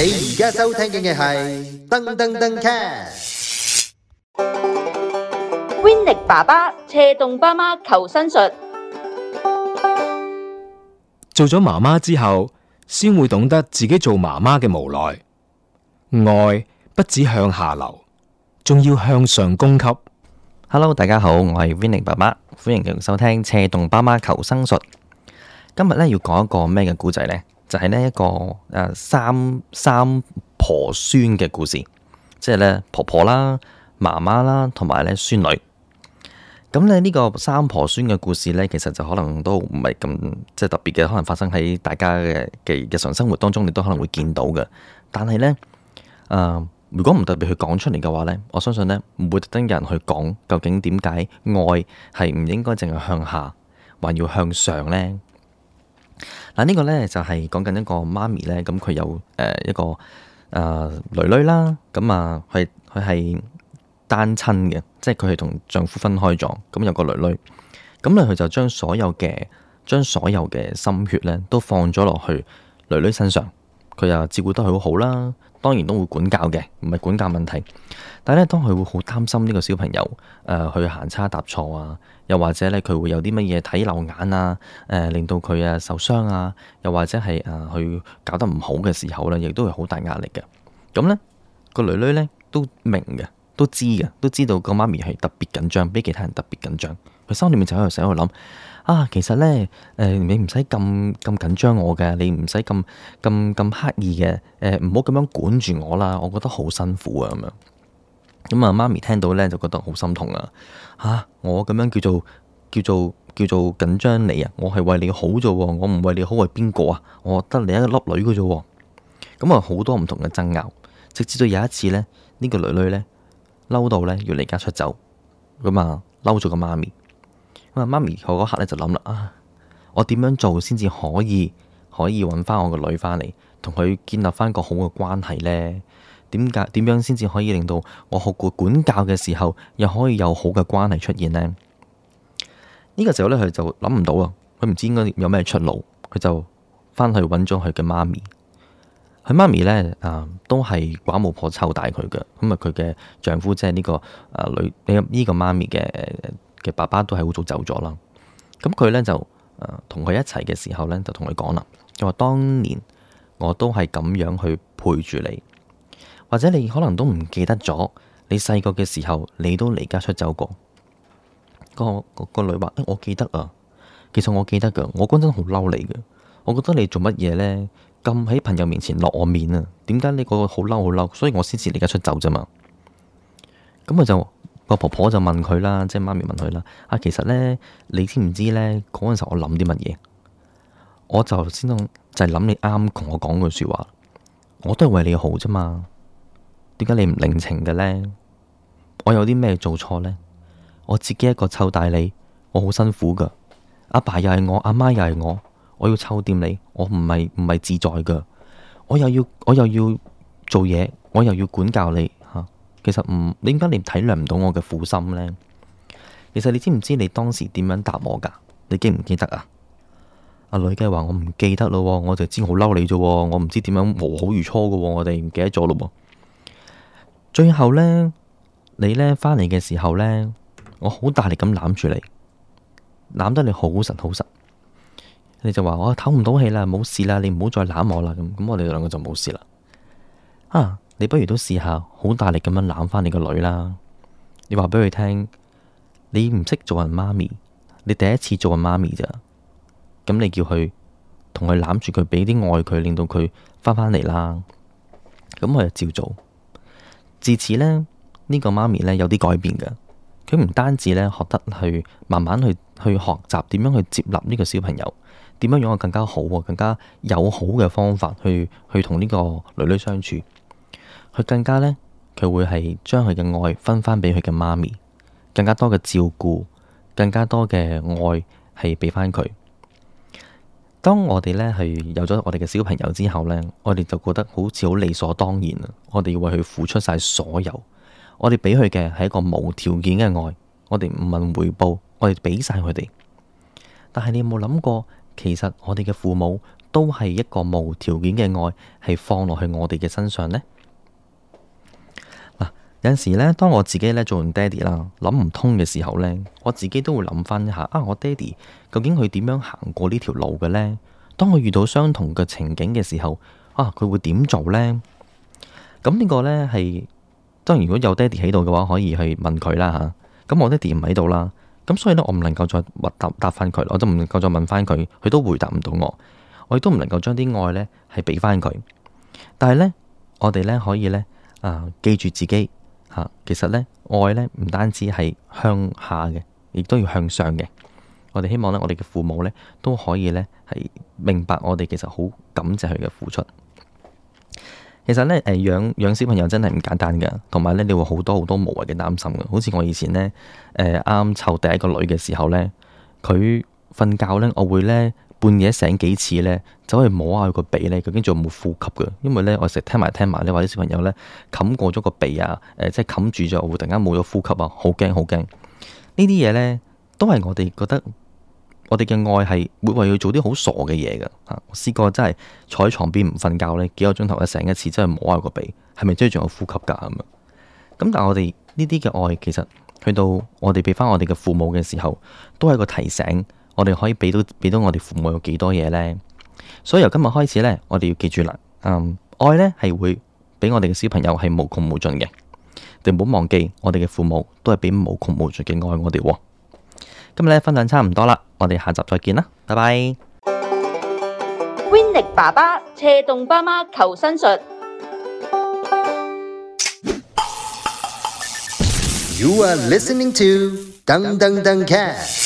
你而家收聽嘅係《噔噔噔 Cat》Winnie 爸爸車動，爸媽求生術。做咗媽媽之後，先會懂得自己做媽媽嘅無奈。愛不止向下流，仲要向上供給。Hello，大家好，我係 Winnie 爸爸，歡迎收聽《車動爸媽求生術》。今日咧要講一個咩嘅故仔呢？就係呢一個誒三三婆孫嘅故事，即係咧婆婆啦、媽媽啦同埋咧孫女。咁咧呢個三婆孫嘅故事咧，其實就可能都唔係咁即係特別嘅，可能發生喺大家嘅嘅日常生活當中，你都可能會見到嘅。但係咧，誒、呃、如果唔特別去講出嚟嘅話咧，我相信咧唔會特登有人去講究竟點解愛係唔應該淨係向下，還要向上咧？嗱，呢個咧就係講緊一個媽咪咧，咁佢有誒一個誒、呃、女女啦，咁啊佢佢係單親嘅，即係佢係同丈夫分開咗，咁有個女女。咁咧佢就將所有嘅將所有嘅心血咧都放咗落去女女身上。佢又照顧得佢好好啦，當然都會管教嘅，唔係管教問題。但係咧，當佢會好擔心呢個小朋友，誒、呃、去行差踏錯啊，又或者咧佢會有啲乜嘢睇漏眼啊，誒、呃、令到佢啊受傷啊，又或者係誒去搞得唔好嘅時候咧，亦都會好大壓力嘅。咁咧、呢個女女咧都明嘅，都知嘅，都知道，都知道個媽咪係特別緊張，比其他人特別緊張。佢心裏面就喺度，成喺度諗啊。其實咧，誒、呃，你唔使咁咁緊張我嘅，你唔使咁咁咁刻意嘅，誒、呃，唔好咁樣管住我啦。我覺得好辛苦啊，咁樣咁啊。媽咪聽到咧就覺得好心痛啊。吓、啊，我咁樣叫做叫做叫做緊張你，你，你啊，我係為你好啫。我唔為你好，為邊個啊？我得你一個粒女嘅啫。咁啊，好多唔同嘅爭拗，直至到有一次咧，呢、這個女女咧嬲到咧要離家出走咁啊，嬲咗個媽咪。媽咪，我嗰刻咧就諗啦，啊，我點樣做先至可以，可以搵翻我個女翻嚟，同佢建立翻個好嘅關係呢？點解點樣先至可以令到我學過管教嘅時候，又可以有好嘅關係出現呢？呢個時候咧，佢就諗唔到啊！佢唔知應該有咩出路，佢就翻去搵咗佢嘅媽咪。佢媽咪呢，啊，都係寡母婆湊大佢嘅，咁啊，佢嘅丈夫即係呢個啊女呢個媽咪嘅。嘅爸爸都係好早走咗啦，咁佢咧就誒同佢一齊嘅時候咧，就同佢講啦，佢話：當年我都係咁樣去陪住你，或者你可能都唔記得咗，你細個嘅時候你都離家出走過。個個女話：誒、哎，我記得啊，其實我記得噶，我嗰陣好嬲你噶，我覺得你做乜嘢咧，咁喺朋友面前落我面啊，點解你嗰個好嬲好嬲，所以我先至離家出走啫嘛。咁佢就。個婆婆就問佢啦，即係媽咪問佢啦。啊，其實呢，你知唔知呢？嗰陣時我諗啲乜嘢？我就先就就係諗你啱同我講句說話，我都係為你好啫嘛。點解你唔領情嘅呢？我有啲咩做錯呢？我自己一個湊大你，我好辛苦噶。阿爸、爸又係我，阿媽、媽又係我，我要湊掂你，我唔係唔係自在噶。我又要我又要做嘢，我又要管教你。其實唔，你點解你體諒唔到我嘅苦心呢？其實你知唔知你當時點樣答我噶？你記唔記得啊？阿女嘅話，我唔記得咯，我就知好嬲你啫，我唔知點樣和好如初噶，我哋唔記得咗咯。最後呢，你呢返嚟嘅時候呢，我好大力咁攬住你，攬得你好實好實，你就話我唞唔到氣啦，冇事啦，你唔好再攬我啦，咁咁我哋兩個就冇事啦。啊！你不如都試下，好大力咁樣攬返你個女啦！你話俾佢聽，你唔識做人媽咪，你第一次做人媽咪咋？咁你叫佢同佢攬住佢，俾啲愛佢，令到佢返返嚟啦。咁佢就照做。自此呢，呢個媽咪呢有啲改變噶。佢唔單止呢，學得去慢慢去去學習點樣去接納呢個小朋友，點樣用個更加好、更加友好嘅方法去去同呢個女女相處。佢更加呢，佢會係將佢嘅愛分翻俾佢嘅媽咪，更加多嘅照顧，更加多嘅愛係俾翻佢。當我哋呢係有咗我哋嘅小朋友之後呢，我哋就覺得好似好理所當然，我哋要為佢付出晒所有，我哋俾佢嘅係一個無條件嘅愛，我哋唔問回報，我哋俾晒佢哋。但係你有冇諗過，其實我哋嘅父母都係一個無條件嘅愛，係放落去我哋嘅身上呢？有陣時咧，當我自己咧做完爹哋啦，諗唔通嘅時候咧，我自己都會諗翻一下啊，我爹哋究竟佢點樣行過呢條路嘅咧？當佢遇到相同嘅情景嘅時候，啊，佢會點做咧？咁呢個咧係當然，如果有爹哋喺度嘅話，可以去問佢啦吓。咁、啊、我爹哋唔喺度啦，咁所以咧，我唔能夠再答答翻佢，我都唔能夠再問翻佢，佢都回答唔到我，我亦都唔能夠將啲愛咧係俾翻佢。但係咧，我哋咧可以咧啊，記住自己。其實呢，愛呢唔單止係向下嘅，亦都要向上嘅。我哋希望呢，我哋嘅父母呢都可以呢，係明白我哋其實好感謝佢嘅付出。其實呢，誒養養小朋友真係唔簡單㗎，同埋呢，你會好多好多無謂嘅擔心㗎。好似我以前呢，誒啱湊第一個女嘅時候呢，佢瞓覺呢，我會呢。半夜醒幾次呢，走去摸下佢個鼻呢，究竟仲有冇呼吸嘅？因為呢，我成日聽埋聽埋呢，或者小朋友呢，冚過咗個鼻啊，誒、呃，即係冚住咗，會突然間冇咗呼吸啊，好驚好驚！呢啲嘢呢，都係我哋覺得，我哋嘅愛係會為佢做啲好傻嘅嘢嘅啊！試過真係坐喺床邊唔瞓覺呢，幾個鐘頭一醒一次真係摸下個鼻，係咪真係仲有呼吸㗎咁啊？咁但係我哋呢啲嘅愛，其實去到我哋俾翻我哋嘅父母嘅時候，都係一個提醒。我哋可以俾到俾到我哋父母有幾多嘢呢？所以由今日開始呢，我哋要記住啦。嗯，愛呢係會俾我哋嘅小朋友係無窮無盡嘅。你唔好忘記，我哋嘅父母都係俾無窮無盡嘅愛我哋、哦。今日咧分享差唔多啦，我哋下集再見啦，拜拜。Winnie 爸爸斜洞爸媽求生術。You are listening to 噔噔噔卡。